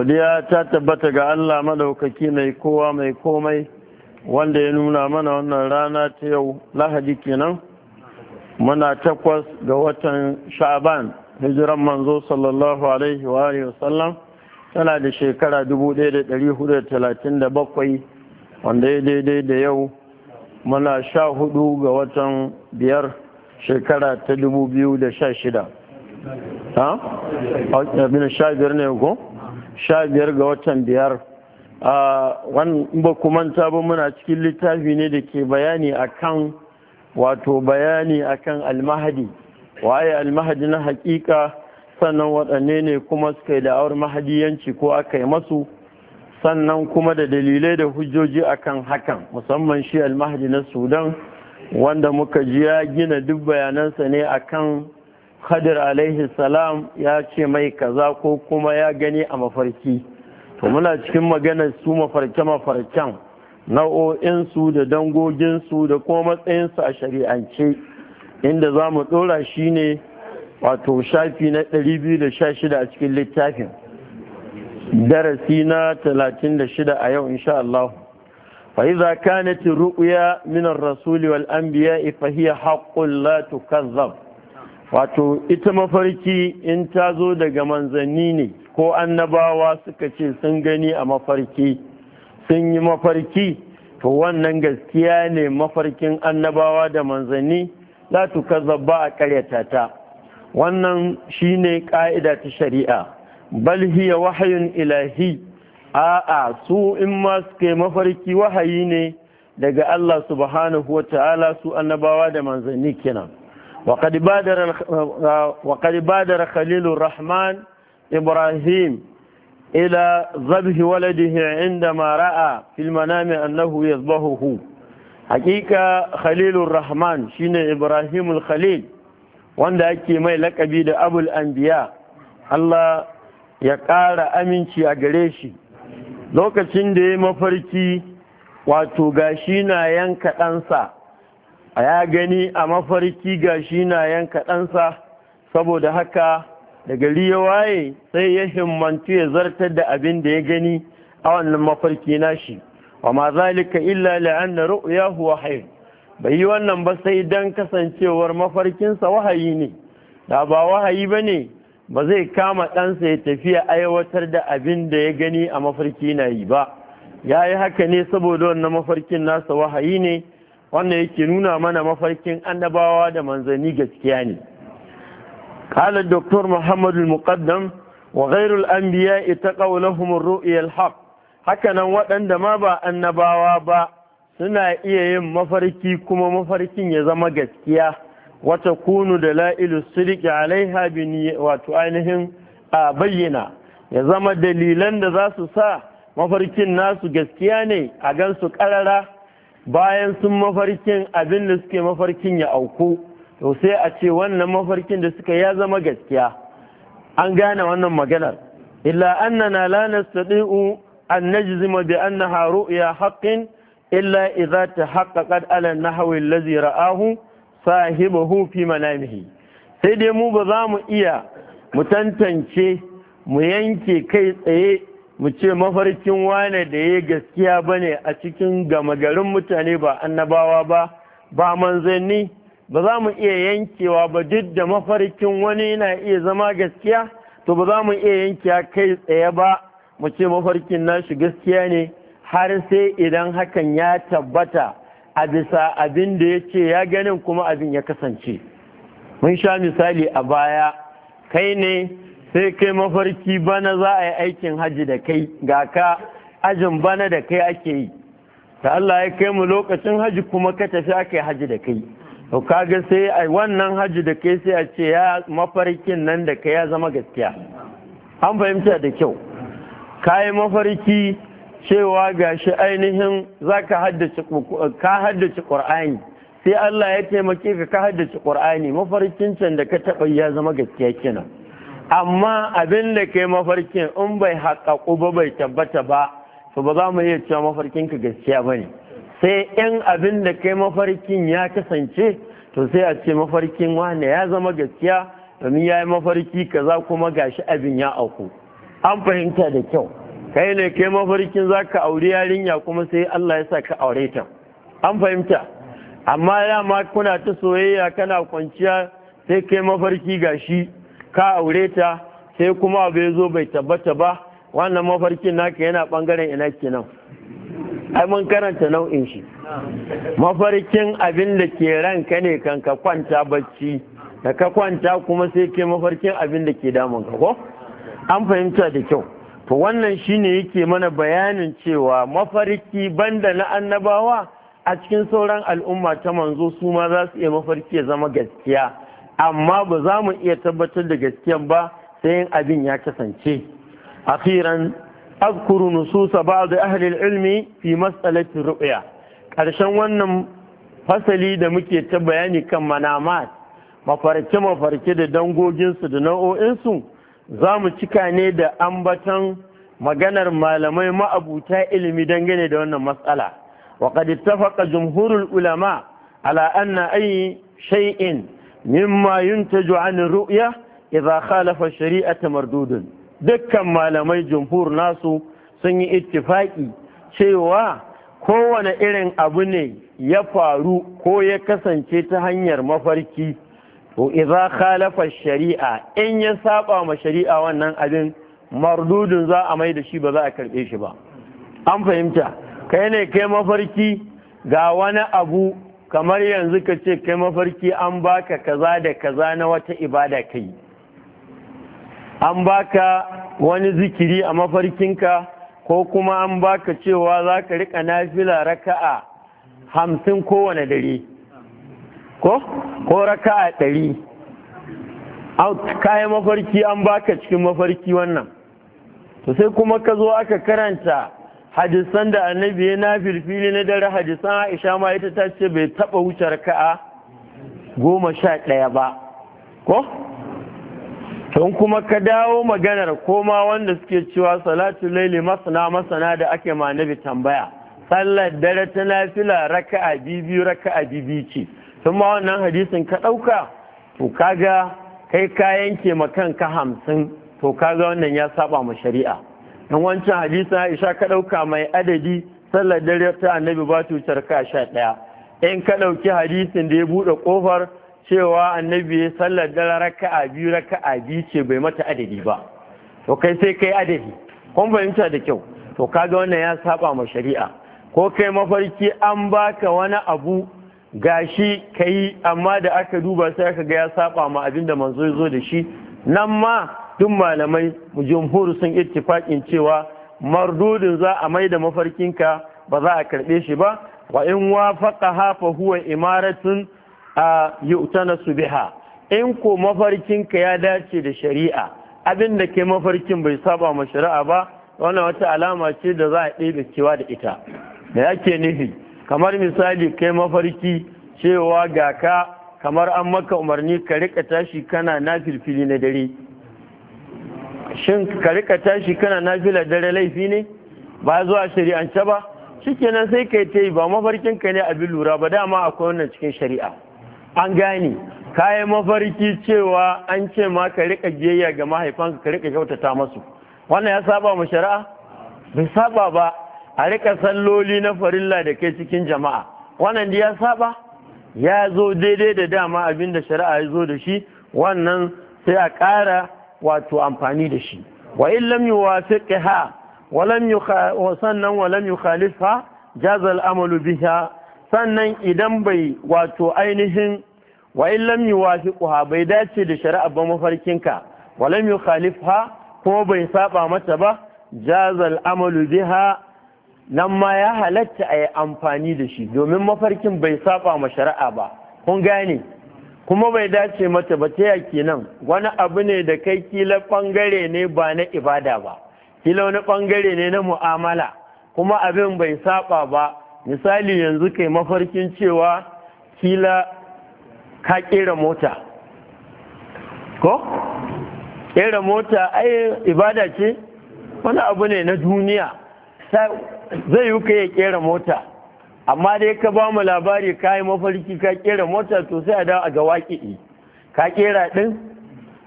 godiya ta tabbata ga Allah madaukaki mai kowa mai komai wanda ya nuna mana wannan rana ta yau lahadi kenan muna takwas ga watan sha'aban hijiran manzo sallallahu alaihi wa alihi tana da shekara 1437 wanda ya daidai da yau muna sha hudu ga watan biyar shekara ta 2016 ha? abin sha biyar ne ko? sha biyar ga watan biyar wani bakuman sabon muna cikin littafi ne da ke bayani akan wato bayani akan almahadi waye almahadi na hakika sannan waɗanne ne kuma suka yi da'awar yanci ko aka yi masu sannan kuma da dalilai da hujjoji akan hakan musamman shi almahadi na sudan wanda muka ji ya gina duk bayanansa ne akan khadir alaihi salam ya ce mai kaza ko kuma ya gani a mafarki to muna cikin maganar su mafarke mafarken nau'o'insu da dangoginsu da kuma matsayinsu a shari'ance inda za mu ɗora shi ne wato shafi na 216 a cikin littafin darasi na 36 a yau insha Allah فإذا كانت الرؤيا من الرسول والأنبياء فهي حق لا تكذب wato ita mafarki in ta zo daga manzanni ne ko annabawa suka ce sun gani a mafarki sun yi mafarki to wannan gaskiya ne mafarkin annabawa da manzanni la tukazzaba a karyata ta wannan shine ka'ida ta shari'a bal hiya wahayin ilahi a'a su in ma suka yi mafarki wahayi ne daga Allah subhanahu wa ta'ala su annabawa da manzanni kenan وقد بادر خليل الرحمن إبراهيم إلى ذبه ولده عندما رأى في المنام أنه يذبهه حقيقة خليل الرحمن شين إبراهيم الخليل wanda ake mai lakabi da abul anbiya Allah ya ƙara aminci a gare shi lokacin da ya mafarki wato gashi na yanka ɗansa a ya gani a mafarki ga shi na yanka ɗansa saboda haka daga gari ya waye sai ya himmantu ya zartar da abin da ya gani a wannan mafarki nashi wa ma zalika illa la'anna ru'yahu huwa hayr bai yi wannan ba sai dan kasancewar mafarkinsa wahayi ne da ba wahayi ba ne ba zai kama ɗansa ya tafiya aiwatar da abin da ya gani a mafarki na yi ba ya yi haka ne saboda wannan mafarkin nasa wahayi ne wannan yake nuna mana mafarkin annabawa da manzanni gaskiya ne kala doktor muhammadu muqaddam wa ghairul anbiya ita qawluhum al haq hakanan waɗanda ma ba annabawa ba suna iya yin mafarki kuma mafarkin ya zama gaskiya wata kunu da la'ilu siriki alaiha bin wato ainihin a bayyana ya zama dalilan da za su sa mafarkin nasu gaskiya ne a gansu ƙarara bayan sun mafarkin abin da suke mafarkin ya auku to sai a ce wannan mafarkin da suka ya zama gaskiya an gane wannan maganar illa annana la nastati'u an najzima bi annaha ru'ya haqqin illa idza tahaqqaqat ala nahwi allazi ra'ahu sahibuhu fi manamihi sai dai mu ba za mu iya mu tantance mu yanke kai tsaye mu ce mafarkin wane da ya gaskiya ba ne a cikin gama garin mutane ba annabawa ba ba manzanni ba za mu iya yankewa ba duk da mafarkin wani yana iya zama gaskiya to ba za mu iya yankewa kai tsaye ba mu ce mafarkin nashi gaskiya ne har sai idan hakan ya tabbata a bisa abin da ya ce ya ganin kuma abin ya kasance mun sha misali a baya kai ne sai kai mafarki bana za a yi aikin haji da kai ga ka ajin bana da kai ake yi ta Allah ya kai mu lokacin haji kuma ka tafi aka yi haji da kai to kaga sai a wannan haji da kai sai a ce ya mafarkin nan da kai ya zama gaskiya an fahimta da kyau ka yi mafarki cewa gashi ainihin za ka haddace ka haddace qur'ani sai Allah ya taimake ka ka haddace qur'ani mafarkin can da ka taɓa ya zama gaskiya kenan amma abin da kai mafarkin in bai haƙaƙu ba bai tabbata ba to ba za mu iya cewa mafarkin ka gaskiya ba ne sai in abin da kai mafarkin ya kasance to sai a ce mafarkin wane ya zama gaskiya domin ya yi mafarki kaza kuma gashi abin ya auku an fahimta da kyau kai ne ke mafarkin za ka aure yarinya kuma sai Allah ya sa ka aure ta an fahimta amma ya ma kuna ta soyayya kana kwanciya sai kai mafarki gashi ka aure ta sai kuma abu ya zo bai tabbata ba wannan mafarkin naka yana bangaren ina kenan ai mun karanta nau'in shi mafarkin abin da ke ranka ne kan ka kwanta bacci da ka kwanta kuma sai ke mafarkin abin da ke damun ka ko an fahimta da kyau to wannan shine yake mana bayanin cewa mafarki banda na annabawa a cikin sauran al'umma ta manzo su ma za su iya mafarki ya zama gaskiya amma ba za mu iya tabbatar da gaskiyan ba sai yin abin ya kasance akhiran azkuru nususa ba'd ahli ilmi fi mas'alati ru'ya karshen wannan fasali da muke ta bayani kan manamat mafarke mafarke da dangoginsu da nau'o'insu za mu cika ne da ambatan maganar malamai ma'abuta ilimi dangane da wannan matsala wa qad ittafaqa jumhurul ulama ala anna ayi shay'in mimma yuntaju an ru'ya idza khalafa shari'ata mardudun dukkan malamai jumhur nasu sun yi ittifaki cewa kowane irin abu ne ya faru ko ya kasance ta hanyar mafarki to idza khalafa shari'a in ya saba ma shari'a wannan abin mardudun za a mai da shi ba za a karbe shi ba an fahimta kai ne kai mafarki ga wani abu kamar yanzu ka ce kai mafarki an baka kaza da kaza na wata ibada kai an baka wani zikiri a mafarkinka ko kuma an baka cewa za ka riƙa nafila raka'a hamsin kowane dare ko ko raka'a ɗari kayan mafarki an baka cikin mafarki wannan to sai kuma ka zo aka karanta hadisan da annabi ya na firfili na dare hadisan aisha ma ita ta ce bai taba wuce raka'a goma sha ɗaya ba ko don kuma ka dawo maganar koma wanda suke cewa salatu laili masana masana da ake ma nabi tambaya sallar dare ta nafila raka'a biyu raka'a biyu ce sun ma wannan hadisin ka ɗauka to kaga kai ka yanke ma kanka hamsin to kaga wannan ya saba ma shari'a in wancan hadisin Aisha ka ɗauka mai adadi sallar dare ta annabi ba wucar ka sha ɗaya in ka ɗauki hadisin da ya buɗe ƙofar cewa annabi ya sallar dare raka'a biyu raka'a biyu ce bai mata adadi ba to kai sai kai adadi kun fahimta da kyau to kaga wannan ya saba ma shari'a ko kai mafarki an baka wani abu gashi kai amma da aka duba sai aka ga ya saba ma abinda da manzo ya zo da shi nan ma duk malamai jumhur sun ittifaqin cewa mardudin za a maida mafarkinka ba za a karɓe shi ba wa in wafaqa hafa huwa imaratun a yu'tana subiha in ko mafarkinka ya dace da shari'a abin da ke mafarkin bai saba ma shari'a ba wannan wata alama ce da za a ɗebe cewa da ita da yake nufi kamar misali kai mafarki cewa ga ka kamar an maka umarni ka rika tashi kana na filfili na dare shin ka rika tashi kana nafila dare laifi ne ba zuwa shari'ance ba shikenan sai kai ta yi ba mafarkin ka ne abin lura ba dama akwai wannan cikin shari'a an gane kayan mafarki cewa an ce ma ka rika biyayya ga mahaifanka ka rika kyautata masu wannan ya saba mu shari'a bai saba ba a rika salloli na farilla da kai cikin jama'a wannan da ya saba ya zo daidai da dama abin da shari'a ya zo da shi wannan sai a ƙara wato amfani da shi wa in lam wa sannan wa lam Khalifa, jazal amalu biha sannan idan bai wato ainihin wa in lam bai dace da shari'a ba mafarkinka wa lam yukhalifha ko bai saba mata ba jazal amalu biha nan ma ya halatta a yi amfani da shi domin mafarkin bai saba ma shari'a ba kun gane kuma bai dace mata ba ta yaki nan wani abu ne da kai kila ɓangare ne ba na ibada ba kila wani ɓangare ne na mu'amala kuma abin bai saba ba misali yanzu kai mafarkin cewa kila ka ƙera mota ko ƙera mota ai ibada ce wani abu ne na duniya zai yi ka ya ƙera mota amma dai ka ba mu labari ka yi mafarki ka kera mota to sai a dawo a ga waƙi'i ka kera ɗin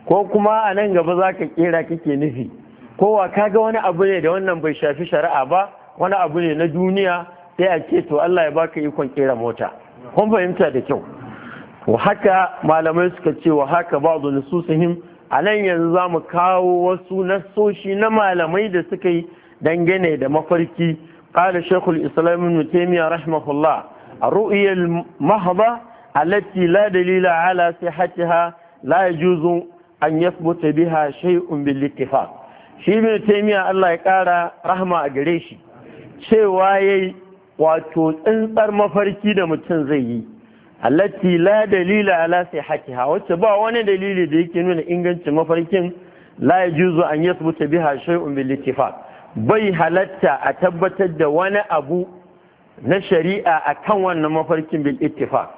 ko kuma a nan gaba za ka kera kake nufi kowa ka ga wani abu ne da wannan bai shafi shari'a ba wani abu ne na duniya sai a ce to Allah ya baka ikon kera mota kun fahimta da kyau wa haka malamai suka ce wa haka ba'du nususihim a nan yanzu za mu kawo wasu nasoshi na malamai da suka yi dangane da mafarki قال شيخ الإسلام ابن تيمية رحمه الله الرؤية المهضة التي لا دليل على صحتها لا يجوز أن يثبت بها شيء بالاتفاق shi mai taimiya Allah ya ƙara rahama a gare shi cewa ya yi wato tsintsar mafarki da mutum zai yi allati la dalila ala sai wacce ba wani dalili da yake nuna ingancin mafarkin la ya juzu bai halatta a tabbatar da wani abu na shari'a a kan wannan mafarkin bil ittifaq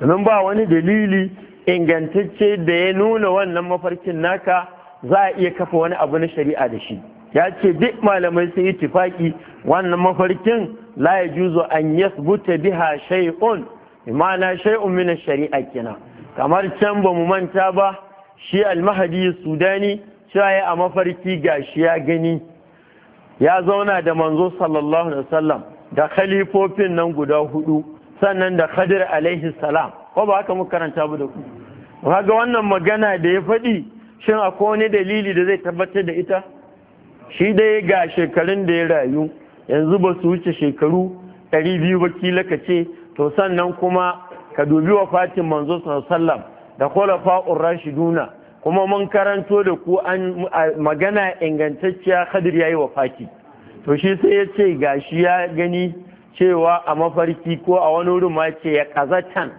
domin ba wani dalili ingantacce da ya nuna wannan mafarkin naka za a iya kafa wani abu na shari'a da shi ya ce duk malamai sun yi tifaki wannan mafarkin la ya juzo an yasbuta biha shay'un imana shay'un min shari'a kina kamar can ba mu manta ba shi almahadi sudani cewa a mafarki gashi ya gani ya zauna da manzo sallallahu alaihi wasallam da khalifofin nan guda hudu sannan da Khadir alaihi salam ko ba haka muka karanta ba da ku kaga wannan magana da ya faɗi shin akwai wani dalili da zai tabbatar da ita shi dai ga shekarun da ya rayu yanzu ba su wuce shekaru ɗari biyu ba kila ka to sannan kuma ka dubi wa fatin manzo sallam da kwalafa rashiduna. kuma mun karanto da ku an magana ingantacciya Khadir yayi wafaki to shi sai ya ce gashi ya gani cewa a mafarki ko a wani wurin ma ce ya kazatan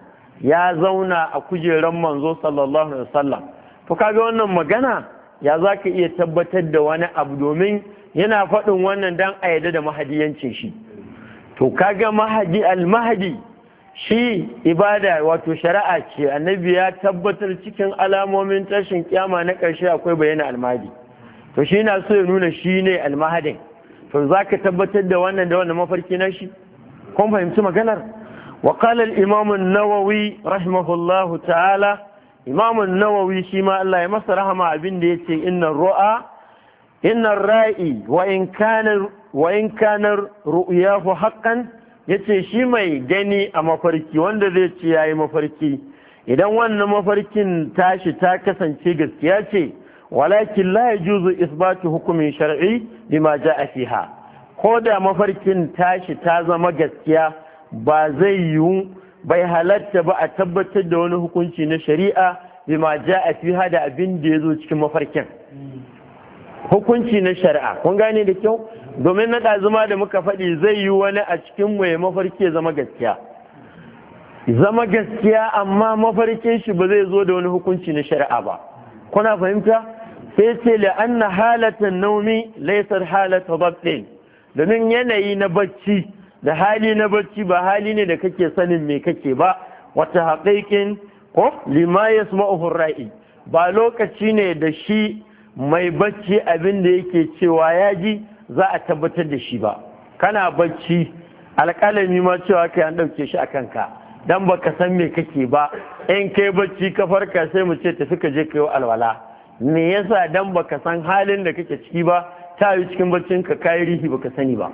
ya zauna a kujeran manzo sallallahu alaihi wasallam to kaga wannan magana ya zaka iya tabbatar da wani abu domin yana faɗin wannan dan a da mahadiyancin shi to kaga mahadi al-mahadi shi ibada wato shari'a ce annabi ya tabbatar cikin alamomin tashin kyama na ƙarshe akwai bayyana almahadi to shi na so ya nuna shi ne almahadin to za ka tabbatar da wannan da wannan mafarki na shi kun fahimci maganar wa qala nawawi rahimahullahu ta'ala imam nawawi shi ma Allah ya masa rahama abin da yace inna ru'a inna ra'i wa in kana wa in kana ya ce shi mai gani a mafarki wanda zai ce ya yi mafarki idan wannan mafarkin tashi ta kasance gaskiya ce walakin la ya juzu isbatu hukumin shar'i bima ja a fiha ko da mafarkin tashi ta zama gaskiya ba zai yiwu bai halatta ba a tabbatar da wani hukunci na shari'a bima ja a fiha da abin da ya zo cikin mafarkin hukunci na shari'a kun gane da kyau domin na ɗazuma da muka faɗi zai yi wani a cikin mai mafarki zama gaskiya zama gaskiya amma mafarkin shi ba zai zo da wani hukunci na shari'a ba kuna fahimta sai ce la anna halatan naumi laysar halata dabtin domin yanayi na bacci da hali na bacci ba hali ne da kake sanin mai kake ba wata haƙaiƙin ko lima yasma'uhu ra'i ba lokaci ne da shi mai bacci abin da yake cewa ya ji za a tabbatar da shi ba kana bacci alƙalami ma cewa kai an ɗauke shi a kanka dan baka san me kake ba in kai bacci ka farka sai mu ce tafi ka je kai alwala me yasa dan baka san halin da kake ciki ba ta yi cikin baccin ka kai rihi baka sani ba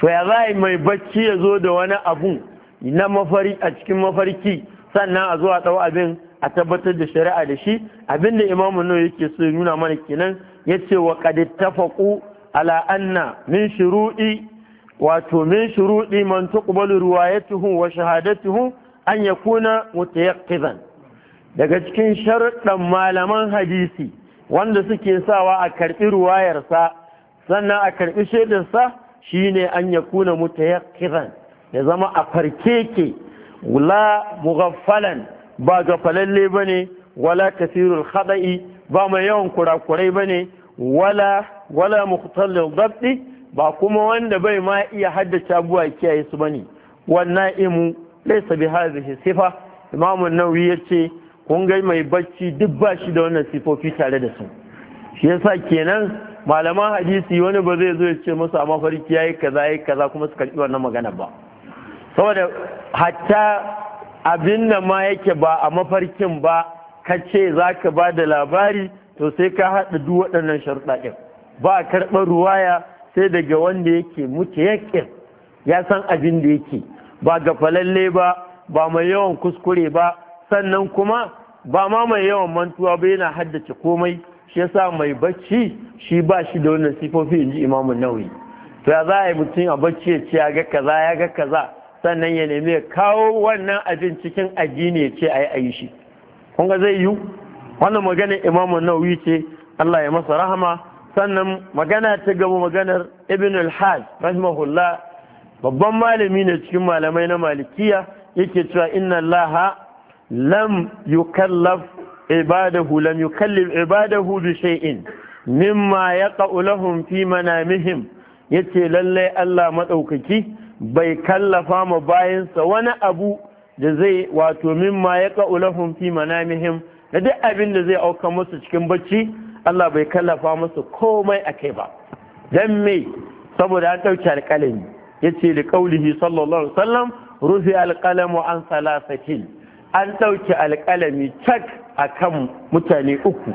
to ya za mai bacci ya zo da wani abu na mafari a cikin mafarki sannan a zo a ɗau abin a tabbatar da shari'a da shi abin da imamu nan yake so ya nuna mana kenan yace wa qad tafaqu ala anna min shuru'i wato min shuru'i man tuqbalu riwayatuhu wa shahadatuhu an yakuna mutayaqqizan daga cikin sharuɗan malaman hadisi wanda suke sawa a karɓi ruwayarsa sannan a karɓi shaidarsa shine an yakuna mutayaqqizan ya zama a farke ke la mughaffalan ba gafalalle bane wala kasirul khada'i ba mai yawan kurakurai bane wala wala mukhtalil dabti ba kuma wanda bai ma iya haddace abuwa kiyaye su bane wannan imu laysa bi hadhihi sifa imamu nawawi yace kun ga mai bacci duk ba shi da wannan sifofi tare da su shi yasa kenan malaman hadisi wani ba zai zo ya ce musu a mafarki yayi kaza yayi kaza kuma su karbi wannan magana ba saboda hatta abin da ma yake ba a mafarkin ba ka ce za ka ba da labari to sai ka haɗa duk waɗannan sharuɗa ɗin ba a karɓar ruwaya sai daga wanda yake muke yakin ya san abin da yake ba ga falalle ba ba mai yawan kuskure ba sannan kuma ba ma mai yawan mantuwa ba yana haddace komai shi yasa mai bacci shi ba shi da wannan sifofi in ji imamu nauyi. to ya za a yi mutum a bacci ya ce ya ga kaza ya ga kaza sannan ya nemi ya kawo wannan abin cikin addini ya ce a yi a yi shi kun zai yiwu wannan maganar imamu nauyi ce Allah ya masa rahama sannan magana ta gaba maganar ibn al haj rahimahullah babban malami ne cikin malamai na malikiya yake cewa inna Allah lam yukallaf ibadahu lam yukallif ibadahu bi shay'in mimma yaqa'u lahum fi manamihim yace lalle Allah madaukaki bai kallafa ma bayansa wani abu da zai wato mimma yaqa'u lahum fi manamihim da duk abin da zai auka musu cikin bacci Allah bai kallafa musu komai a kai ba dan me saboda an ɗauki alƙalami ya ce da ƙaulihi sallallahu alaihi wasallam rufi alƙalamu an salasatin an ɗauki alƙalami cak a kan mutane uku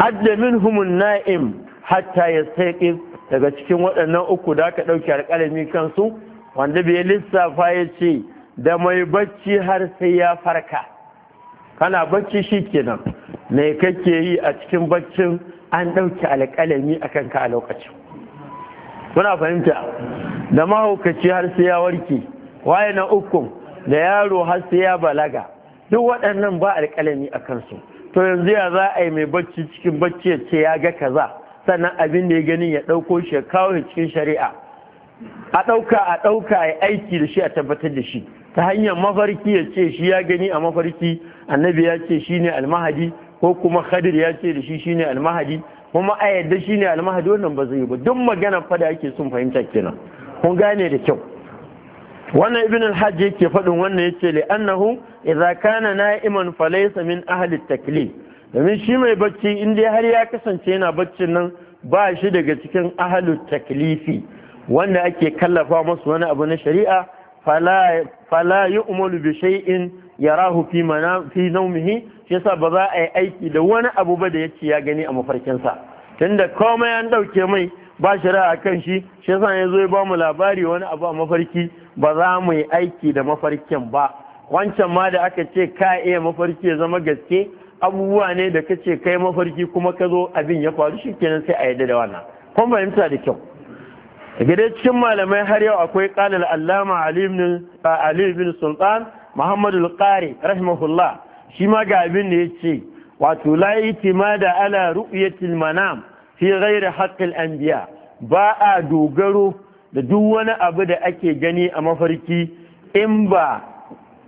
adda minhumun na'im hatta ya saiƙi daga cikin waɗannan uku da aka ɗauki alƙalami kansu wanda bai lissafa ya ce da mai bacci har sai ya farka kana bacci shi kenan me kake yi a cikin baccin an ɗauki alƙalami a kanka a lokacin muna fahimta da mahaukaci har sai ya warke waye na ukun da yaro har sai ya balaga duk waɗannan ba alƙalami a kansu to yanzu ya za a yi mai bacci cikin bacci ya ce ya ga kaza sannan abin da ya gani ya ɗauko shi ya kawo cikin shari'a a ɗauka a ɗauka a yi aiki da shi a tabbatar da shi ta hanyar mafarki ya ce shi ya gani a mafarki annabi ya ce shi ne almahadi ko kuma khadir ya ce da shi shine almahadi kuma a yadda shine almahadi wannan ba zai yi ba duk magana fada ake sun fahimta kenan kun gane da kyau wannan ibn al-hajj yake faɗin wannan yace li annahu idza kana na'iman falaysa min ahli taklif domin shi mai bacci in dai har ya kasance yana baccin nan ba shi daga cikin ahli taklifi wanda ake kallafa masu wani abu na shari'a fala yu'malu bi shay'in yarahu fi mana fi naumihi shi yasa ba za a yi aiki da wani abu ba da ya ce ya gani a mafarkinsa tunda komai an dauke mai ba shari'a kan shi shi yasa ya zo ya ba mu labari wani abu a mafarki ba za mu yi aiki da mafarkin ba wancan ma da aka ce ka iya mafarki ya zama gaske abubuwa ne da ka ce kai mafarki kuma ka zo abin ya faru shi kenan sai a yadda da wannan kun fahimta da kyau gida cikin malamai har yau akwai kalal allama ali ibn sultan muhammadu al-qari rahimahullah shi ma ga abin da ya ce wato la da ala ru'yatil manam fi ghairi an biya ba a dogaro da duk wani abu da ake gani a mafarki in ba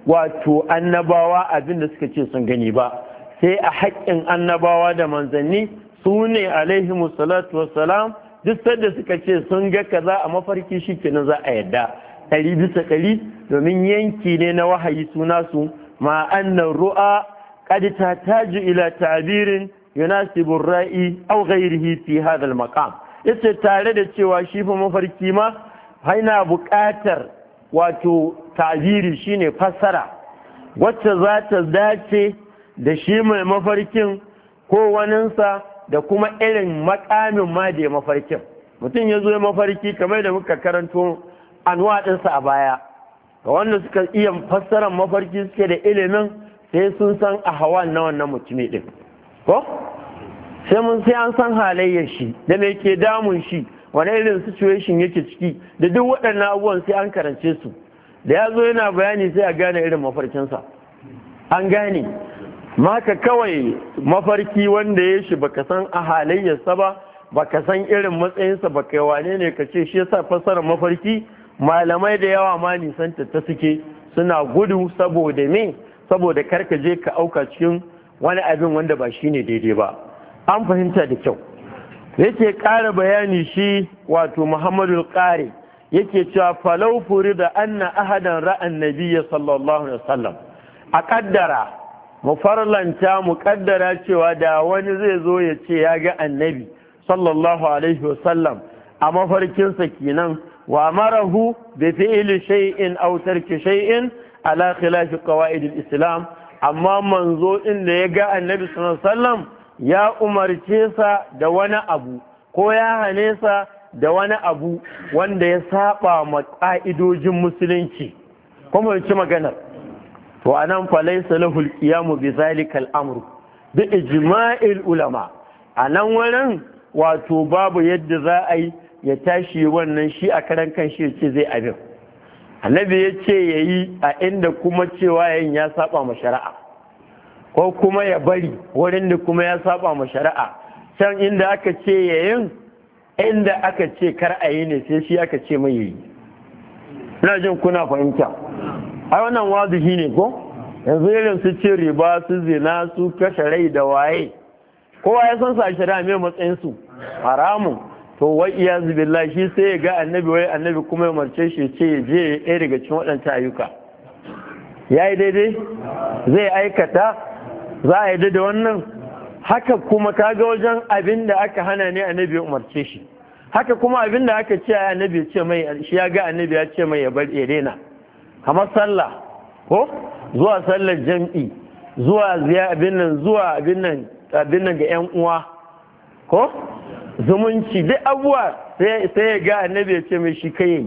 wato annabawa abin da suka ce sun gani ba sai a haƙƙin annabawa da manzanni su ne duk sadda suka ce sun ga kaza a mafarki shi kenan za a yadda ɗari bisa ɗari domin yanki ne na wahayi suna su ma annan ru'a ta taji ila ta'birin yunasibu ra'i aw ghayrihi fi hadha al-maqam yace tare da cewa shi fa mafarki ma haina buƙatar wato ta'biri shine fassara wacce za ta dace da shi mai mafarkin ko waninsa da kuma irin makamin ma da ya mafarkin mutum ya zo mafarki kamar da muka karanto anuwa ɗinsa a baya ga wanda suka iya fassarar mafarki suke da ilimin sai sun san a hawa na wannan mutumi ɗin ko sai mun sai an san halayyar shi da me ke damun shi wani irin situation yake ciki da duk waɗannan abubuwan sai an karance su da ya zo yana bayani sai a gane irin mafarkinsa an gane maka kawai mafarki wanda ya shi baka san a halayyarsa ba baka san irin matsayinsa baka wane ne ka ce shi yasa fassarar mafarki malamai da yawa ma nisanta ta suke suna gudu saboda me saboda karka je ka auka cikin wani abin wanda ba shine daidai ba an fahimta da kyau yake ƙara bayani shi wato muhammadu ƙare yake cewa falau furi da anna ahadan ra'an sallallahu alaihi wasallam a ƙaddara mu farlanta mu ƙaddara cewa da wani zai zo ya ce ya ga annabi sallallahu alaihi wasallam a mafarkinsa kenan wa amarahu bi fi'li shay'in aw tarki shay'in ala khilaf qawaid al-islam amma manzo inda da ya ga annabi sallallahu alaihi wasallam ya umarce sa da wani abu ko ya hane sa da wani abu wanda ya saba ma ka'idojin musulunci kuma ci maganar to anan fa laysa lahu al bi amru bi ijma'il ulama anan wurin wato babu yadda za a yi ya tashi wannan shi a karan kan shi ce zai abin annabi ya ce ya yi a inda kuma cewa yayin ya saba ma shari'a ko kuma ya bari wurin da kuma ya saba ma shari'a can inda aka ce yayin inda aka ce kar a yi ne sai shi aka ce mai yi. ina jin kuna fahimta ai wannan wazihi ne ko yanzu irin su ce riba su zina su kashe rai da waye kowa ya san sa shari'a mai matsayin su haramun to wai iyazu billahi shi sai ya ga annabi wai annabi kuma ya marce shi ce ya je ya ɗaya daga cikin waɗanta ayyuka ya yi daidai zai aikata za a yi da wannan haka kuma ka ga wajen abin da aka hana ne annabi ya umarce shi haka kuma abin da aka ce annabi ce mai shi ya ga annabi ya ce mai ya bar ya daina kamar sallah ko zuwa sallar jam'i zuwa ziya abin nan zuwa abin nan abin nan ga yan uwa ko zumunci duk abuwa sai ya ga annabi ya ce mai shi kai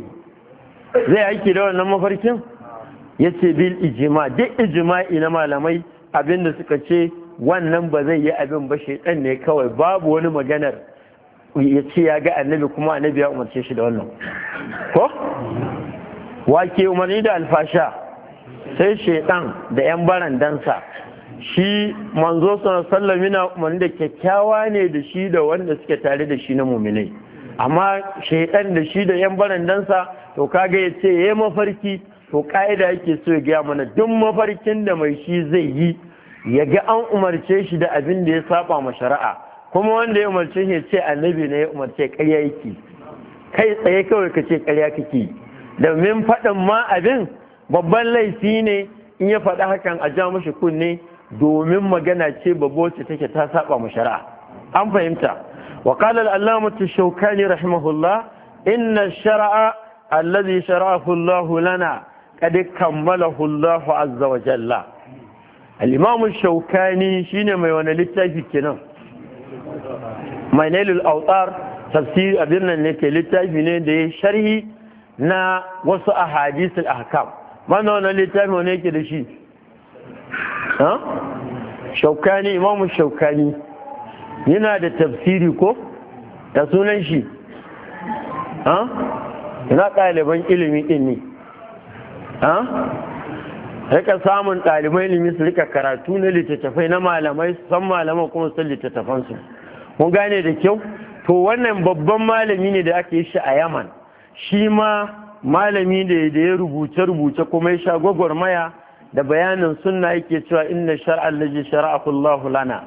zai aiki da wannan mafarkin ya ce bil ijima duk ijima'i na malamai abinda suka ce wannan ba zai yi abin ba shaidan ne kawai babu wani maganar ya ce ya ga annabi kuma annabi ya umarce shi da wannan ko wake umarni da alfasha sai shaidan da yan barandansa shi manzo sallami yana umarni da kyakkyawa ne da shi da wanda suke tare da shi na muminai amma shaidan da shi da yan barandansa to kaga ya ce ya mafarki to ka'ida yake so ya gaya mana duk mafarkin da mai shi zai yi ya ga an umarce shi da abin da ya saba ma shari'a kuma wanda ya umarce shi ya ce annabi na ya umarce ƙarya yake kai tsaye kawai ka ce ƙarya kake domin faɗin ma abin babban laifi ne in ya faɗi hakan a ja mashi kunne domin magana ce babba take ta saba mu shari'a an fahimta wa qala al-allamatu shawkani rahimahullah inna shari'a alladhi shara'ahu Allah lana qad kammalahu Allah azza wa jalla al-imam shawkani shine mai wani littafi kenan mai nailul autar tafsir abin ne ke littafi ne da ya sharhi na wasu ahadisul ahkam mana wani littafi ne yake da shi ha shaukani imamu shaukani yana da tafsiri ko da sunan shi ha yana ɗaliban ilimi ɗin ne ha rika samun ɗaliban ilimi su rika karatu na littattafai na malamai san malamai kuma san littattafansu mun gane da kyau to wannan babban malami ne da aka yi shi a yaman shi ma malami da ya rubuce-rubuce kuma ya sha gwagwarmaya da bayanin sunna yake cewa inna shari'ar laji shara'ahu Allah lana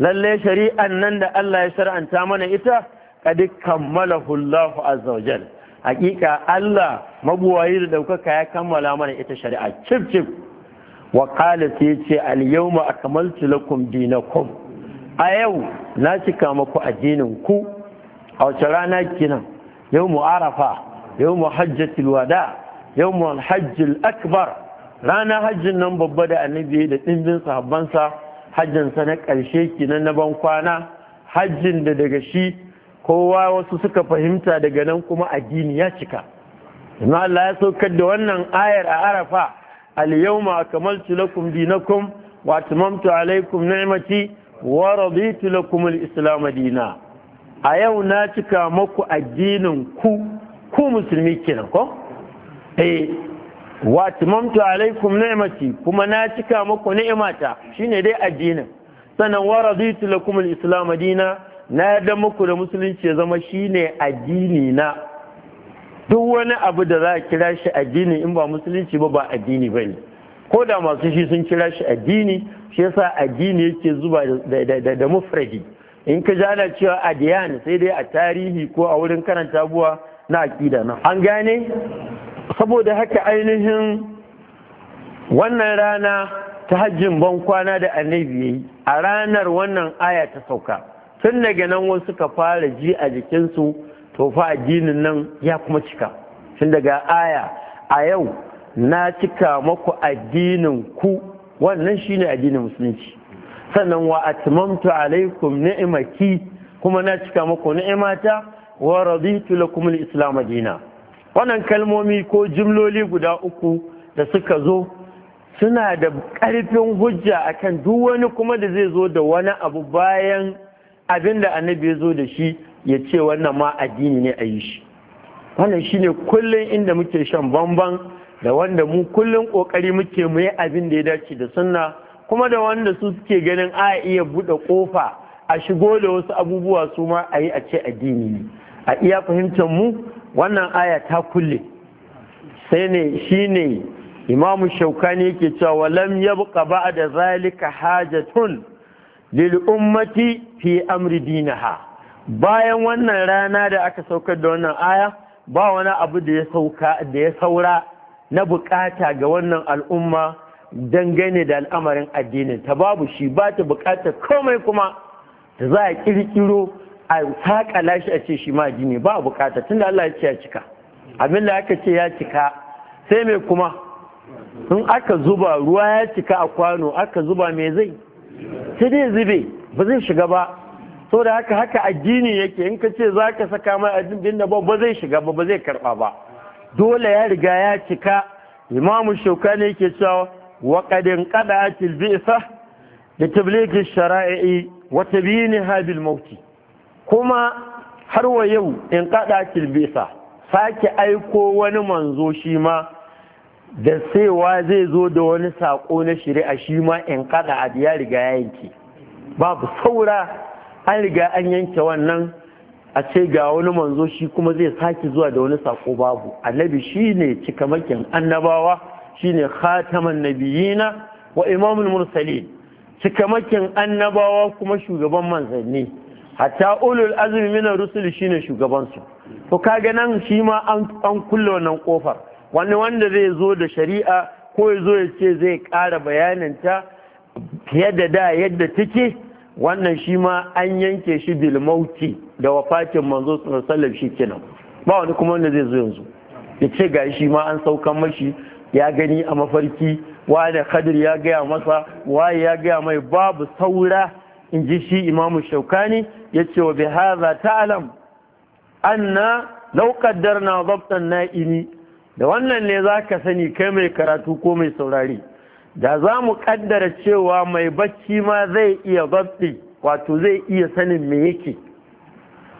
lalle shari'an nan da Allah ya shar'anta mana ita kad kammalahu Allah azza hakika Allah mabuwayi da daukaka ya kammala mana ita shari'a cif cif wa qala yace al yawma akmaltu lakum dinakum a yau na cika muku addinin ku a wace rana kinan yau mu arafa yau mu hajjatul wada yau mu hajjul akbar rana hajjin nan babba da annabi da ɗimbin sahabbansa hajjinsa na ƙarshe kinan na ban kwana hajjin da daga shi kowa wasu suka fahimta daga nan kuma addini ya cika Ina Allah ya saukar da wannan ayar a arafa al-yawma akmaltu lakum dinakum wa atmamtu alaykum ni'mati wa raditu lakum al-islam dina a yau na cika maku addinin ku ku musulmi kenan ko eh wa atmamtu alaikum ni'mati kuma na cika muku ni'imata shine dai addinin sannan wa raditu lakum al-islam dina na yadda muku da musulunci ya zama shine addini na duk wani abu da za a kira shi addini in ba musulunci ba ba addini bane ko da masu shi sun kira shi addini shi yasa addini yake zuba da mufradi in ka jala cewa adiyan sai dai a tarihi ko a wurin karanta buwa na aƙida na. an gane saboda haka ainihin wannan rana ta hajjin ban kwana da annabi yayi a ranar wannan aya ta sauka tun daga nan wasu suka fara ji a jikinsu to fa addinin nan ya kuma cika tun daga aya a yau na cika maku addinin ku wannan shine addinin musulunci sannan wa atmamtu alaikum ni'mati kuma na cika maku ni'imata wa raditu lakum al-islam wannan kalmomi ko jimloli guda uku da suka zo suna da ƙarfin hujja akan duk wani kuma da zai zo da wani abu bayan abin da annabi ya zo da shi ya ce wannan ma addini ne a yi shi wannan shi ne kullum inda muke shan bamban da wanda mu kullum ƙoƙari muke mu yi abin da ya dace da sunna kuma da wanda su suke ganin a iya buɗe ƙofa a shigo da wasu abubuwa su ma a yi a ce addini ne a iya fahimtar mu wannan aya ta kulle sai ne shine imamu shaukani yake cewa walam yabqa ba'da zalika hajatun lil ummati fi amri dinaha bayan wannan rana da aka saukar da wannan aya ba wani abu da ya sauka da ya saura na bukata ga wannan al'umma dangane da al'amarin addinin ta babu shi ba ta bukatar komai kuma da za a kirkiro a saƙa shi a ce shi ma gini ba a bukata tunda Allah ya ce ya cika abin da aka ce ya cika sai mai kuma in aka zuba ruwa ya cika a kwano aka zuba me zai sai dai zube ba zai shiga ba so da haka haka addini yake in ka ce za ka saka mai jin da ba zai shiga ba ba zai karba ba dole ya riga ya cika imamu ne yake cewa waƙadin ƙada bi'sa da tablighi shara'i wa ne habil mauti kuma har wa yau in kada kilbisa sake aiko wani manzo shi ma da saiwa zai zo da wani sako na shari'a shi ma in kada a ya riga ya yanke babu saura an riga an yanke wannan a ce ga wani manzo shi kuma zai sake zuwa da wani sako babu annabi shi ne cikamakin annabawa shi ne khataman nabiyina wa imamul mursalin cikamakin annabawa kuma shugaban manzanni hatta ulul azumi minar rusul shine shugabansu to kaga nan shi ma an kulle wannan kofar wani wanda zai zo da shari'a ko ya zo ya ce zai kara bayaninta yadda da da yadda take wannan shi ma an yanke shi mauti da wafatin manzo sallallahu shi kenan ba wani kuma wanda zai zo yanzu ya ce ga shi ma an saukan mashi ya gani a mafarki wani kadir ya gaya masa waye ya gaya mai babu saura in ji shi imamu shaukani yace wa bihaza ta'lam anna law qaddarna dhabtan na'imi da wannan ne zaka sani kai mai karatu ko mai saurari da za mu kaddara cewa mai bacci ma zai iya zabti wato zai iya sanin me yake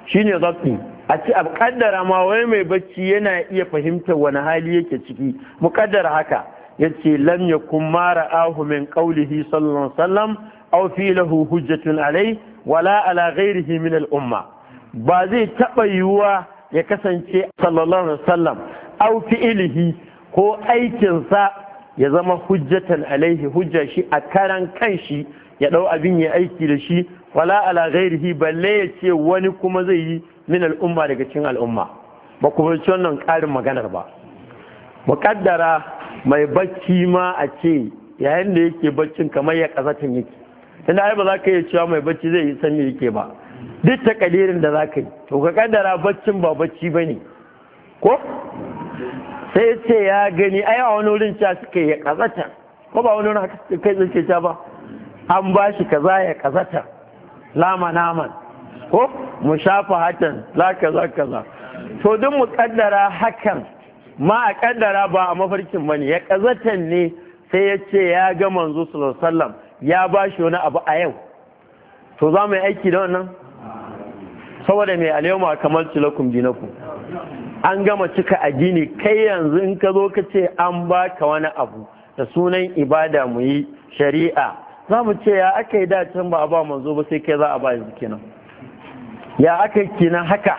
shine zabti a ci a kaddara ma wai mai bacci yana iya fahimtar wani hali yake ciki mu kaddara haka yace lam yakun mara ahu min qawlihi sallallahu alaihi wasallam aw fi lahu hujjatun alai wala ala ghairihi min al'umma ba zai taɓa yiwuwa ya kasance sallallahu alaihi wasallam au fi'ilihi ko aikinsa ya zama hujjatan alaihi hujja shi a karan kanshi ya ɗau abin ya aiki da shi wala ala ghairihi balle ya ce wani kuma zai yi min al'umma daga cikin al'umma ba ku ci wannan ƙarin maganar ba muƙaddara mai bacci ma a ce yayin da yake baccin kamar ya ƙazatin yake tunda ai ba za ka iya cewa mai bacci zai yi san me yake ba duk takalirin da za ka yi to ka kaddara baccin ba bacci ba ne ko sai ce ya gani ai a wani wurin ca suka ya kazata ko ba wani wurin haka kai zai ca ba an ba shi kaza ya kazata lama naman ko mu shafa hatan za kaza kaza to duk mu kaddara hakan ma a kaddara ba a mafarkin bane ya kazatan ne sai ya ce ya ga manzo sallallahu alaihi wasallam ya ba shi wani abu a yau to za mu yi aiki da wannan saboda mai alyawma kamar cilakun naku. an gama cika addini kai yanzu in ka zo ka ce an ba ka wani abu da sunan ibada mu yi shari'a za mu ce ya aka yi dacin ba a ba manzo ba sai kai za a ba yanzu kenan ya aka yi kenan haka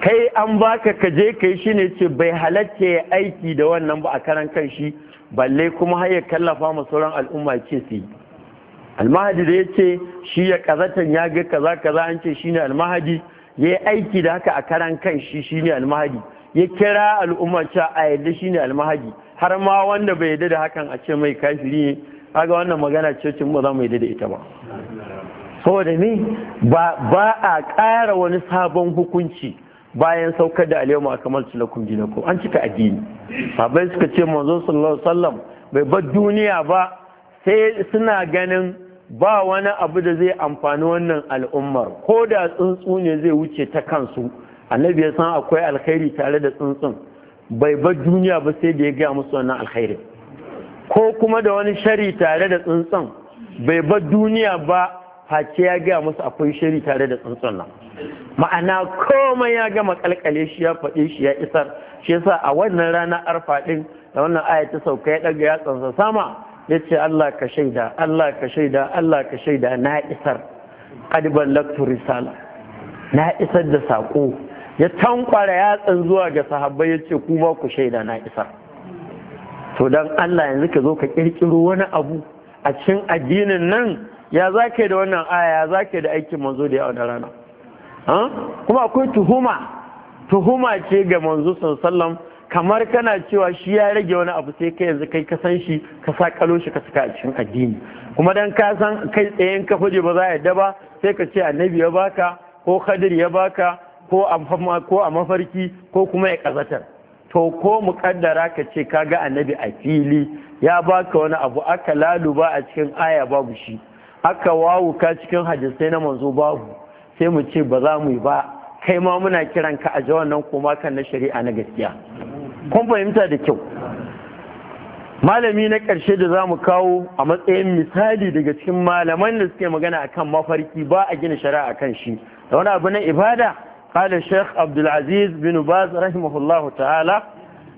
kai an baka ka je kai shi ne ce bai halatta aiki da wannan ba a karan kan shi balle kuma har ya kallafa ma sauran al'umma ce su yi almahadi da ya ce shi ya kazatan ya ga kaza kaza an ce shine almahadi ya yi aiki da haka a karan kan shi shine almahadi ya kira al'umma cewa a yadda shine almahadi har ma wanda bai yadda da hakan a ce mai kafiri ne kaga wannan magana ce cin ba za mu yadda da ita ba saboda ne ba a ƙara wani sabon hukunci bayan saukar da alayhi akamal lakum dinakum an cika addini sabai suka ce manzo sallallahu alaihi wasallam bai bar duniya ba sai suna ganin ba wani abu da zai amfani wannan al'ummar ko da tsuntsu ne zai wuce ta kansu annabi ya san akwai alkhairi tare da tsuntsun bai bar duniya ba sai da ya gaya musu wannan alkhairin ko kuma da wani shari tare da tsuntsun bai bar duniya ba face ya gaya musu akwai shari tare da tsuntsun nan ma'ana komai ya gama kalkale shi ya faɗi shi ya isar shi yasa a wannan rana arfa ɗin da wannan aya ta sauka ya ɗaga yatsansa sama ya ce Allah ka shaida Allah ka shaida Allah ka shaida na isar ƙadiban laktu risala na isar da saƙo ya tankwara yatsan zuwa ga sahabbai ya ce kuma ku shaida na isar to dan Allah yanzu ka zo ka kirkiro wani abu a cikin addinin nan ya zake da wannan aya ya zake da aikin manzo da ya rana kuma akwai tuhuma tuhuma ce ga manzo sallam kamar kana cewa shi ya rage wani abu sai kai yanzu kai ka san shi ka sa kalo shi ka saka a cikin addini kuma dan ka san kai tsayen ka fuje ba za a yadda ba sai ka ce annabi ya baka ko khadir ya baka ko a mafarki ko kuma ya kazatar to ko muƙaddara ka ce ka ga annabi a fili ya baka wani abu aka laluba a cikin aya babu shi aka wawuka cikin hadisai na manzo babu sai mu ce ba za mu yi ba kai ma muna kiran ka a jawan nan kuma kan na shari'a na gaskiya kun fahimta da kyau malami na ƙarshe da za mu kawo a matsayin misali daga cikin malaman da suke magana akan mafarki ba a gina shari'a kan shi da wani abu na ibada kala sheikh abdulaziz bin baz rahimahullahu ta'ala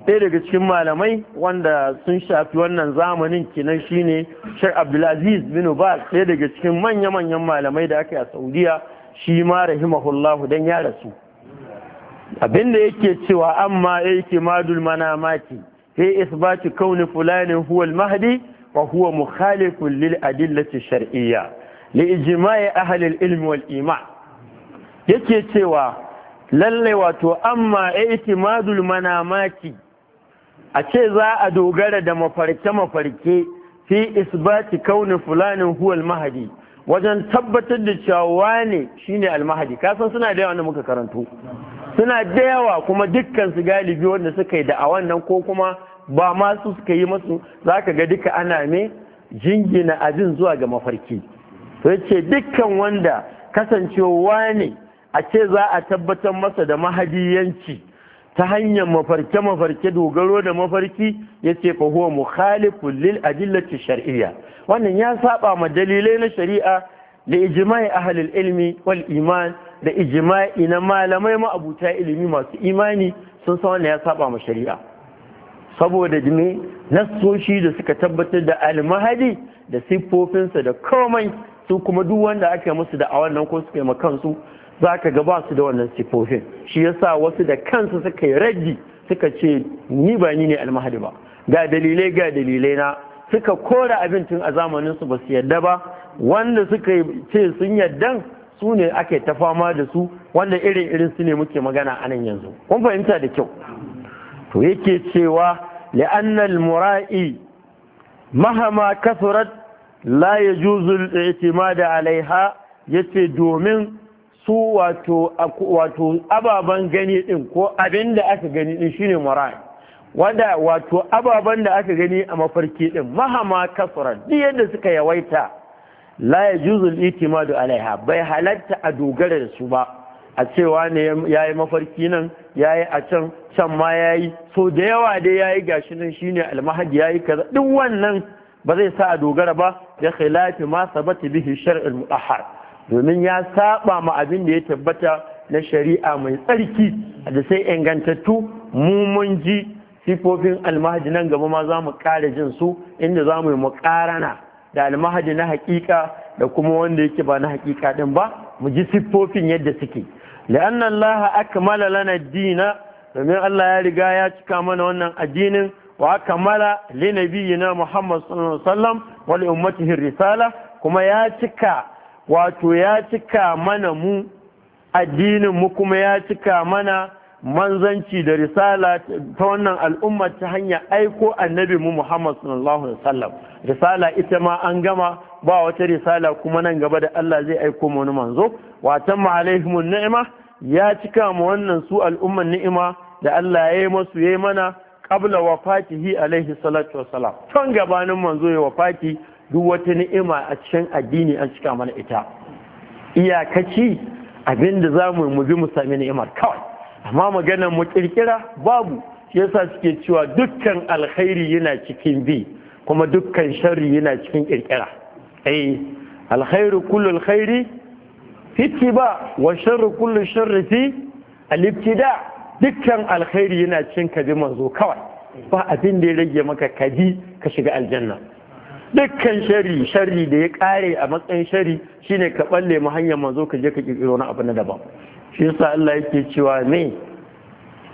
ɗaya daga cikin malamai wanda sun shafi wannan zamanin kinan shine sheikh abdulaziz bin baz ɗaya daga cikin manya-manyan malamai da aka yi a saudiya shi ma rahimahullahu dan ya rasu abinda yake cewa amma yake madul manamati sai isbatu kauni fulanin huwa mahadi mahdi wa huwa mukhalifun lil adillati shar'iyya li ijma'i ahli al wal iman yake cewa lallai wato amma i'timadul manamati a ce za a dogara da mafarke mafarke fi isbati kauni fulanin huwal mahadi mahdi wajen tabbatar da cewa wane shine almahadi kasan suna da yawa da muka karanto suna da yawa kuma dukkan su galibi wanda suka yi da wannan ko kuma ba masu suka yi masu ka ga duka ana me jingina abin zuwa ga mafarki to yace dukkan wanda kasancewa ne a ce za a tabbatar masa da mahadiyanci ta hanyar mafarke mafarke dogaro da mafarki yace fa huwa mukhalifun lil adillati shar'iyya wannan ya saba ma dalilai na shari'a da ijma'i ahlul ilmi wal iman da ijima'i na malamai ma ma'abuta ilimi masu imani sun san wannan ya saba ma shari'a saboda dime nassoshi da suka tabbatar da almahadi da siffofinsa da komai su kuma duk wanda aka musu da a wannan ko suka yi kansu za ka ga ba su da wannan siffofin shi yasa wasu da kansu suka yi raddi suka ce ni ba ni ne almahadi ba ga dalilai ga dalilai na suka kora abincin a zamaninsu ba su yadda ba wanda suka ce sun yaddan su ne ake ta fama da su wanda irin irin su ne muke magana a nan yanzu kun fahimta da kyau to yake cewa li'annal mura'i mahama kasurat la yajuzu al-i'timad alaiha yace domin su wato ababen gani din ko abin da aka gani din shine mura'i wanda wato ababen da aka gani a mafarki din mahama kasura duk yadda suka yawaita la ya juzul itimadu alaiha bai halatta a dogara da su ba a cewa ne ya yi mafarki nan ya yi a can can ma ya yi so da yawa dai ya yi gashi nan shine almahadi ya yi kaza duk wannan ba zai sa a dogara ba da khilafi ma sabata bihi shar'il mutahhar domin ya saba ma abin da ya tabbata na shari'a mai tsarki da sai ingantattu mu mun ji sifofin almahadi nan gaba ma za mu kare jin su inda za mu yi muƙarana da almahadi na hakika da kuma wanda yake ba na hakika din ba mu ji sifofin yadda suke la'anna Allah akmala lana dina domin Allah ya riga ya cika mana wannan addinin wa akmala li nabiyina Muhammad sallallahu alaihi wasallam wa li ummatihi risala kuma ya cika wato ya cika mana mu addinin mu kuma ya cika mana manzanci da risala ta wannan al'umma ta hanya aiko annabi mu Muhammad sallallahu alaihi wasallam risala ita ma an gama ba wata risala kuma nan gaba da Allah zai aiko mu wani manzo watan ma alaihimun ni'ima ya cika mu wannan su al'umman ni'ima da Allah ya yi masu yayi mana qabla wafatihi alaihi salatu wasalam tun gabanin manzo ya wafati duk wata ni'ima a cikin addini an cika mana ita iyakaci abinda zamu mu bi mu sami ni'imar kawai amma maganar mu kirkira babu shi yasa suke cewa dukkan alkhairi yana cikin bi kuma dukkan sharri yana cikin kirkira eh alkhairu kullu alkhairi fi ba wa sharru kullu sharri fi alibtida dukkan alkhairi yana cikin kabi manzo kawai ba abin da ya rage maka kabi ka shiga aljanna dukkan shari shari da ya kare a matsayin shari shine ka balle mu hanyar manzo ka je ka kirkiro wani abu na daban shi yasa Allah yake cewa ne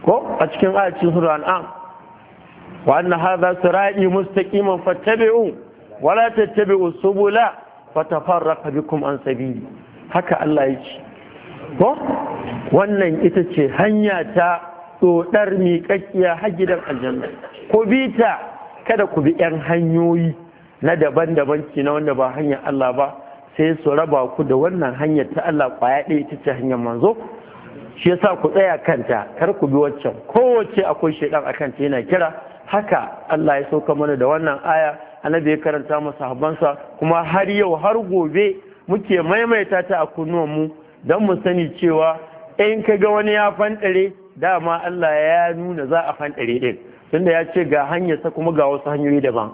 ko a cikin ayatin sura an'am wa anna hadha sirati mustaqiman fattabi'u wa la tattabi'u subula fatafarraqu bikum an sabili haka Allah yake ko wannan ita ce hanya ta tsodar miƙaƙƙiya har gidan aljanna ko ta kada ku bi 'yan hanyoyi na daban-daban kina na wanda ba hanyar Allah ba sai su raba ku da wannan hanyar ta Allah kwaya ɗaya ita ce hanyar manzo shi yasa ku tsaya kanta kar ku bi waccan kowace akwai shaidan a kanta yana kira haka Allah ya sauka mana da wannan aya annabi ya karanta masa kuma har yau har gobe muke maimaita ta a kunnuwan mu dan mu sani cewa in ka ga wani ya fanɗare dama Allah ya nuna za a fanɗare din tunda ya ce ga hanyarsa kuma ga wasu hanyoyi daban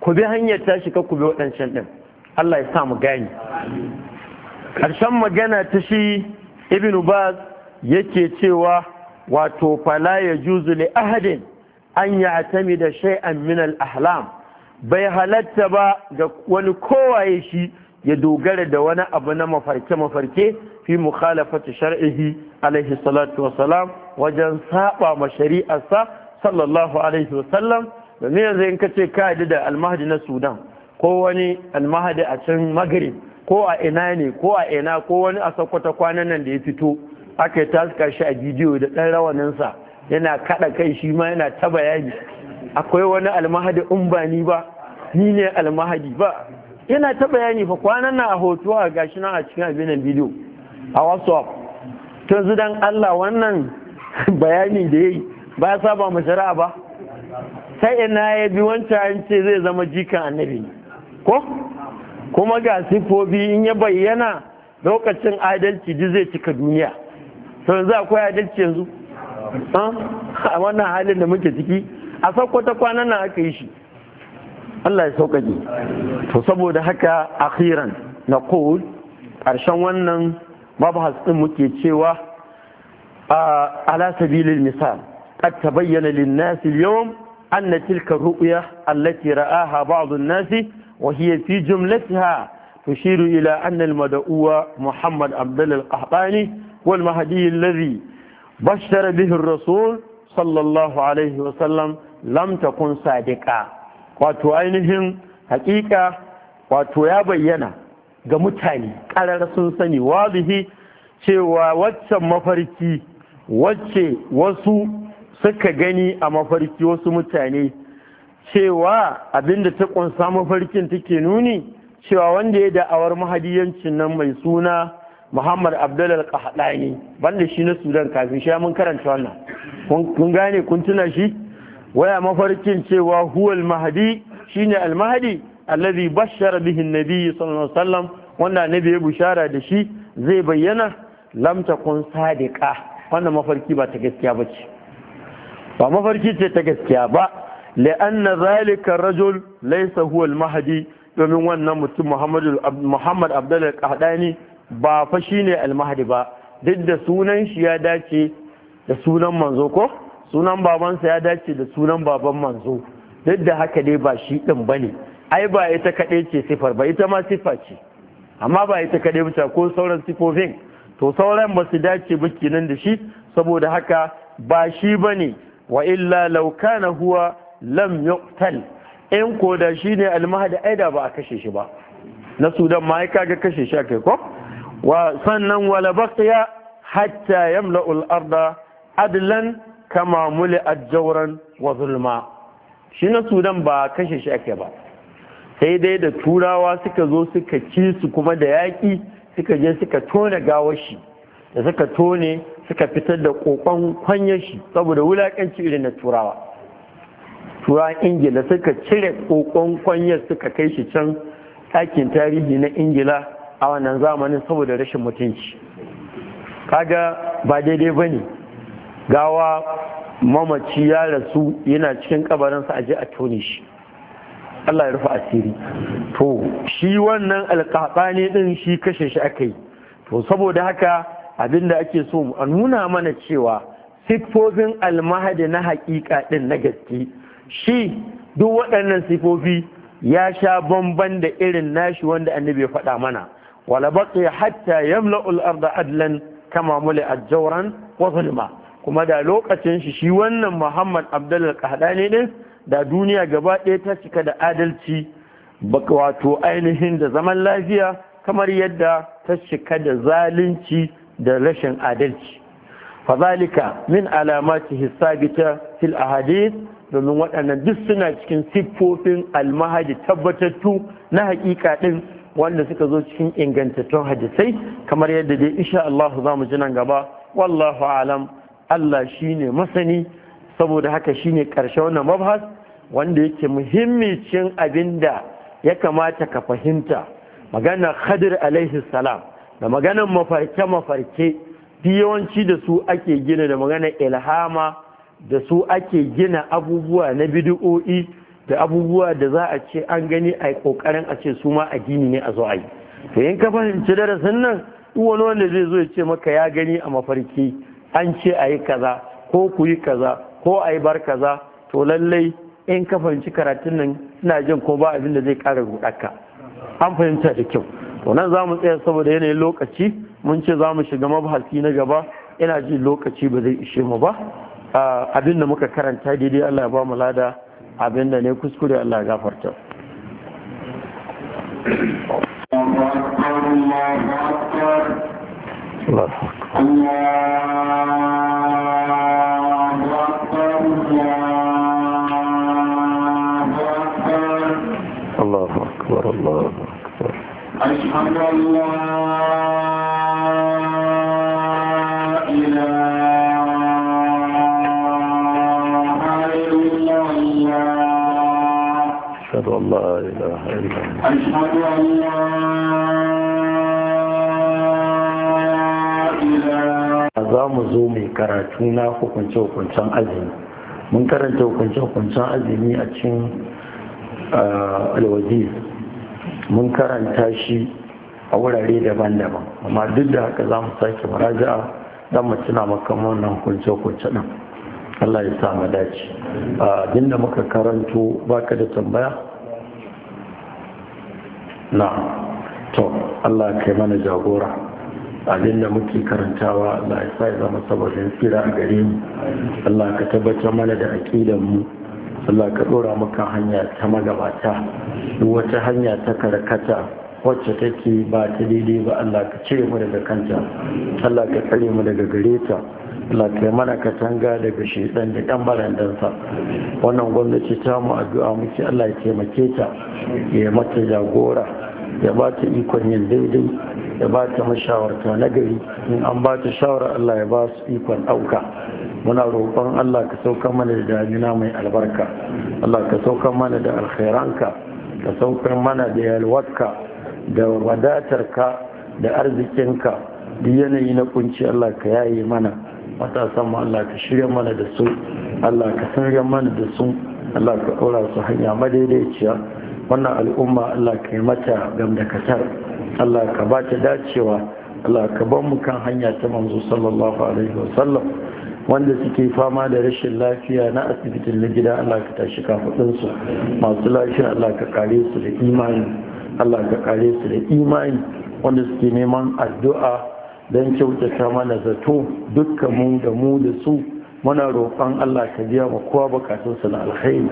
ku bi hanyar tashi ka ku bi waɗancan ɗin Allah ya sa mu gani ƙarshen magana ta shi ibn baz yake cewa wato fala ya juzu li ahadin an ya atami da shay'an min al ahlam bai halatta ba ga wani kowaye shi ya dogara da wani abu na mafarke mafarke fi mukhalafati shar'ihi alaihi salatu wasalam wajen saba ma shari'arsa sallallahu alaihi wasallam domin yanzu in ka ce ka yi da almahadi na sudan ko wani almahadi a can magrib ko a ina ne ko a ina ko wani a sakwata kwanan nan da ya fito aka yi taska shi a bidiyo da ɗan rawaninsa yana kaɗa kai shi ma yana ta bayani akwai wani almahadi in ba ni ba ni ne almahadi ba yana ta bayani fa kwanan nan a hoto a gashi nan a cikin abin bidiyo a whatsapp to zidan allah wannan bayani da ya yi ba ya saba mu shari'a ba ta ina ya bi wancan an ce zai zama jikan annabi ne ko kuma ga sifofi in ya bayyana lokacin adalci duk zai cika duniya to yanzu akwai adalci yanzu a wannan halin da muke ciki a ta kwana nan aka yi shi Allah ya sauƙaƙe to saboda haka akhiran na kowul ƙarshen wannan babu hasɗin muke cewa ala sabilil misal qad tabayyana lin-nasi al-yawm أن تلك الرؤيا التي رآها بعض الناس وهي في جملتها تشير إلى أن المدعو محمد عبد القحطاني والمهدي الذي بشر به الرسول صلى الله عليه وسلم لم تكن صادقة wato ainihin hakika wato ya bayyana ga mutane karar sun sani wazihi cewa waccan mafarki wacce wasu suka gani a mafarki wasu mutane cewa abinda ta ƙunsa mafarkin take nuni cewa wanda ya da'awar mahadiyancin nan mai suna muhammad abdullal ne banda shi na sudan kafin shi mun karanta wannan kun gane kun tuna shi waya mafarkin cewa huwal mahadi shine almahadi allazi bashara bihi nabi sallallahu alaihi wasallam wanda nabi ya bushara da shi zai bayyana lam takun sadiqa wannan mafarki ba ta gaskiya bace ba mafarki ce ta gaskiya ba la'anna zalika rajul laysa huwa al-mahdi domin wannan mutum Muhammadu Muhammad Abdul Qahdani ba fa shine al-mahdi ba duk da sunan shi ya dace da sunan manzo ko sunan babansa ya dace da sunan baban manzo duk da haka dai ba shi din bane ai ba ita kaɗai ce sifar ba ita ma sifa ce amma ba ita kaɗai ba ko sauran sifofin to sauran ba su dace ba kenan da shi saboda haka ba shi bane wa illa law kana huwa lam yuqtal in ko da shine aida ba a kashe shi ba na sudan ma ga kashe shi kai ko wa sannan wala baqiya hatta yamla al-arda adlan kama muli jawran wa zulma shi na sudan ba a kashe shi ake ba sai dai da turawa suka zo suka ci su kuma da yaƙi suka je suka tone gawar da suka tone suka fitar da kokon kwanyar shi saboda wulakanci irin na turawa Turawan ingila suka cire kokon kwanyar suka kai shi can ɗakin tarihi na ingila a wannan zamanin saboda rashin mutunci kaga ba daidai ba ne gawa mamaci ya rasu yana cikin kabarinsa a je a tone shi Allah ya rufe asiri to shi wannan alƙaƙa ne ɗin shi kashe shi aka yi to saboda haka abinda ake so a nuna mana cewa sifofin almahadi na haƙiƙa ɗin na gaske shi duk waɗannan sifofi ya sha bamban da irin nashi wanda annabi ya faɗa mana wala baqi hatta yamla al-ardh adlan kama muli'at jawran wa zulma kuma da lokacin shi shi wannan Muhammad Abdul Qahdani din da duniya gaba ɗaya ta cika da adalci wato ainihin da zaman lafiya kamar yadda ta cika da zalunci da rashin adalci fazalika min alamatihi sabita fil ahadith domin waɗannan duk suna cikin siffofin almahadi tabbatattu na haƙiƙa ɗin wanda suka zo cikin ingantattun hadisai kamar yadda dai insha Allah za mu ji nan gaba wallahu alam Allah shine masani saboda haka shine karshe wannan mabhas wanda yake muhimmicin abinda abinda ya kamata ka fahimta magana Khadir alaihi salam da maganan mafarke-mafarke yawanci da su ake gina da maganar ilhama da su ake gina abubuwa na bidi'o'i da abubuwa da za a ce an gani a kokarin a ce su ma addini ne a zo a yi to in ka fahimci darasin nan wani wanda zai zo ya ce maka ya gani a mafarki an ce a yi kaza ko ku yi kaza ko a yi bar kaza to lallai in ka fahimci karatun nan ina jin ko ba abin da zai kara rudaka an fahimta da kyau to nan za mu tsaya saboda yanayin lokaci mun ce za mu shiga mabahasi na gaba ina ji lokaci ba zai ishe mu ba abin da muka karanta daidai Allah ya ba mu lada abin da ne kuskure Allah ya gafarta Allah أشهد أشهد الله أشهد za mu zo mai karatu na hukunce-hukuncen azumi mun karanta hukunce-hukuncen azumi a cikin ah, alwajiz mun karanta shi a wurare daban-daban amma duk da haka za mu sake maraja'a don mu tuna makamman wannan kunce-kunce ɗin Allah ya sa mu dace abin da muka karanto baka da tambaya na to Allah kai mana jagora abin da muke karantawa Allah ya sa ya zama saboda tsira a gare mu Allah ka tabbatar mana da aƙidan mu Allah ka ɗora maka hanya ta magabata wata hanya ta karkata wacce take ba ta daidai ba Allah ka cire mu daga kanta Allah ka tsare mu daga gare ta Allah ka mana katanga daga shedan da ɗan barandansa wannan gwamnati ta mu addu'a muke Allah ya taimake ta ya mata jagora ya ba ta ikon yin daidai ya ba ta mashawarta gari in an ba ta shawara Allah ya ba su ikon ɗauka muna roƙon Allah ka sauka mana da damina mai albarka Allah ka sauka mana da alkhairanka ka saukar mana da yalwarka da wadatarka da arzikinka duk yanayi na kunci Allah ka yaye mana matasan mu Allah ka shirya mana da su Allah ka sanya mana da su Allah ka ɗora su hanya madaidaiciya wannan al'umma Allah ka yi mata gamdakatar Allah ka ba ta dacewa Allah ka ban mu kan hanya ta manzo sallallahu alaihi sallam. wanda suke fama da rashin lafiya na asibitin na gida Allah ka tashi kafaɗinsu masu lafiya Allah ka kare su da imani Allah ka kare su da imani wanda suke neman addu'a don kyautata mana zato dukkan mu da mu da su muna roƙon Allah ka biya ma kowa bukatunsa na alkhairi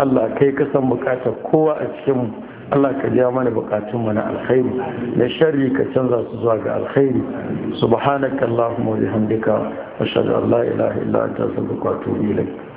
Allah kai ka san bukatar kowa a cikin mu Allah ka ja mana mu na alkhairi na sharri ka canza su zuwa ga alkhairi subhanaka allahumma wa bihamdika ashhadu an la ilaha illa anta astaghfiruka wa atubu ilayk